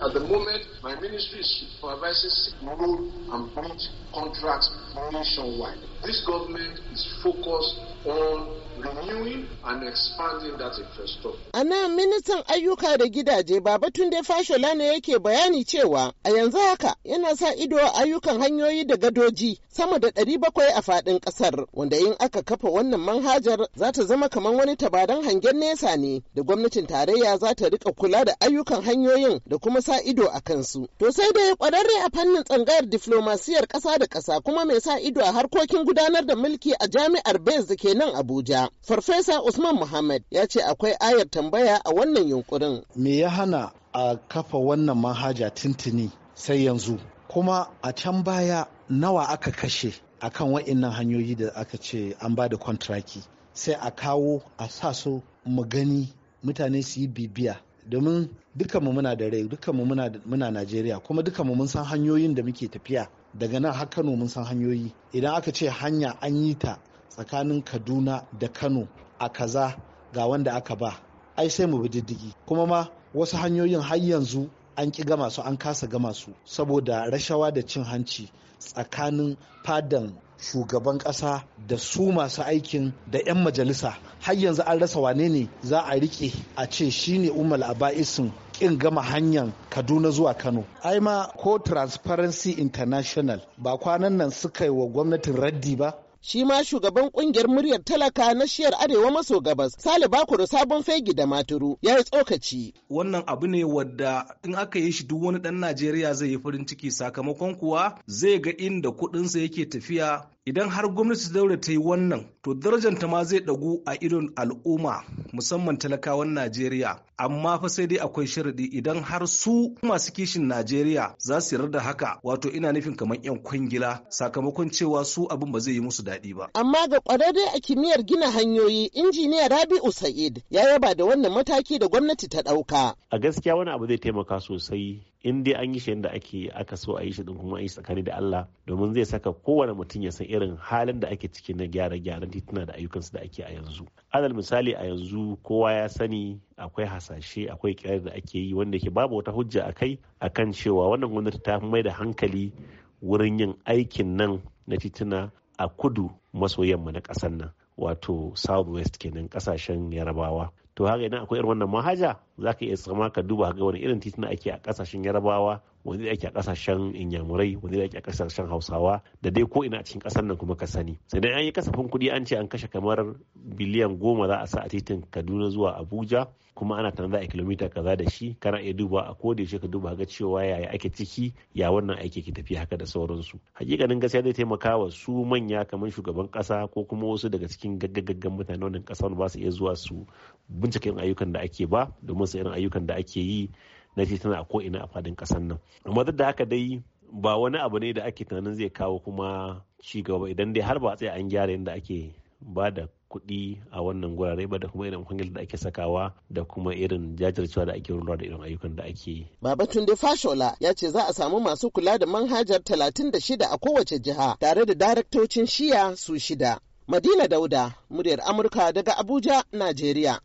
At the moment, my ministry is supervising road and bridge contracts nationwide. This government is focused on renewing and expanding that infrastructure. A nan ministan ayyuka da gidaje Baba Tunde Fashola ne yake bayani cewa a yanzu haka yana sa ido ayyukan hanyoyi da gadoji sama da ɗari bakwai a faɗin ƙasar wanda in aka kafa wannan manhajar za ta zama kamar wani tabaran hangen nesa ne da gwamnatin tarayya za ta rika kula da ayyukan hanyoyin da kuma sa ido a kansu. To sai dai kwararre a fannin tsangayar diflomasiyar ƙasa da ƙasa kuma mai sa ido a harkokin gudanar da mulki a jami'ar Bez da ke nan Abuja. Farfesa Usman Muhammad ya ce akwai ayar tambaya a wannan yunkurin. Me ya hana a kafa wannan manhaja tintini sai yanzu? Kuma a can baya nawa aka kashe akan wa'innan hanyoyi da aka ce an ba da kontraki sai a kawo a sa su mu gani mutane su yi bibiya domin dukkanmu muna da rai dukkanmu muna najeriya kuma dukkanmu mun san hanyoyin da muke tafiya daga nan har kano mun san hanyoyi idan aka ce hanya an yi ta tsakanin kaduna da kano a kaza ga wanda aka ba ai sai mu bi diddigi kuma ma wasu hanyoyin har yanzu an ƙi gama su an kasa gama su saboda rashawa da cin hanci tsakanin fadan shugaban ƙasa da su masu aikin da 'yan majalisa har yanzu an rasa wane ne za a rike a ce shine umar aba'isin kin gama hanyar kaduna zuwa kano ai ma ko transparency international ba kwanan nan suka yi wa gwamnatin raddi ba shi ma shugaban kungiyar muryar talaka na shiyar arewa maso gabas sale bakuru sabon fegi da maturu ya yi tsokaci wannan abu ne wadda in aka yi shi duk wani dan najeriya zai yi farin ciki sakamakon kuwa zai ga inda kudinsa yake tafiya idan har gwamnati daure ta yi wannan to darajanta ma zai ɗagu a idon al'umma musamman talakawan najeriya amma fa sai dai akwai sharadi idan har su masu kishin najeriya za su yarda da haka wato ina nufin kamar yan kwangila sakamakon cewa su abin ba zai yi musu daɗi ba amma ga kwararre a kimiyyar gina hanyoyi injiniya rabi'u sa'id ya yaba da wannan mataki da gwamnati ta ɗauka a gaskiya wani abu zai taimaka sosai in dai an yi shi yadda ake aka so a yi shi din kuma an yi tsakani da Allah domin zai saka kowane mutum ya san irin halin da ake ciki na gyara gyaran tituna da ayyukansu da ake a yanzu alal misali a yanzu kowa ya sani akwai hasashe akwai kirar da ake yi wanda ke babu wata hujja a kai akan cewa wannan gwamnati ta mai da hankali wurin yin aikin nan na tituna a kudu maso yamma na ƙasar nan wato south west kenan kasashen yarabawa to haka idan akwai irin wannan mahaja za ka iya tsama ka duba ga wani irin titina ake a kasashen yarabawa wani da ake a kasashen inyamurai wani da ake a kasashen hausawa da dai ko ina a cikin kasar nan kuma ka sani sai dai an yi kasafin kuɗi an ce an kashe kamar biliyan goma za a sa a titin kaduna zuwa abuja kuma ana tana za a kilomita kaza da shi kana iya duba a koda yaushe ka duba ga cewa yaya ake ciki ya wannan aiki ke tafiya haka da sauransu hakikanin gaskiya zai taimaka wa su manya kamar shugaban kasa ko kuma wasu daga cikin gaggagaggan mutane wannan kasa ba su iya zuwa su bincika ayyukan da ake ba domin su irin ayyukan da ake yi na ce tana a ko'ina a fadin kasan nan amma duk da haka dai ba wani abu ne da ake tunanin zai kawo kuma ci gaba idan dai har ba tsaye an gyara yadda ake ba da kuɗi a wannan gurare ba da kuma irin kwangil da ake sakawa da kuma irin jajircewa da ake rulawa da irin ayyukan da ake. baba tunde Fashola ya ce za a samu masu kula da manhajar 36 a kowace jiha tare da daraktocin shiya su shida. Madina Dauda, muryar Amurka daga Abuja, Najeriya.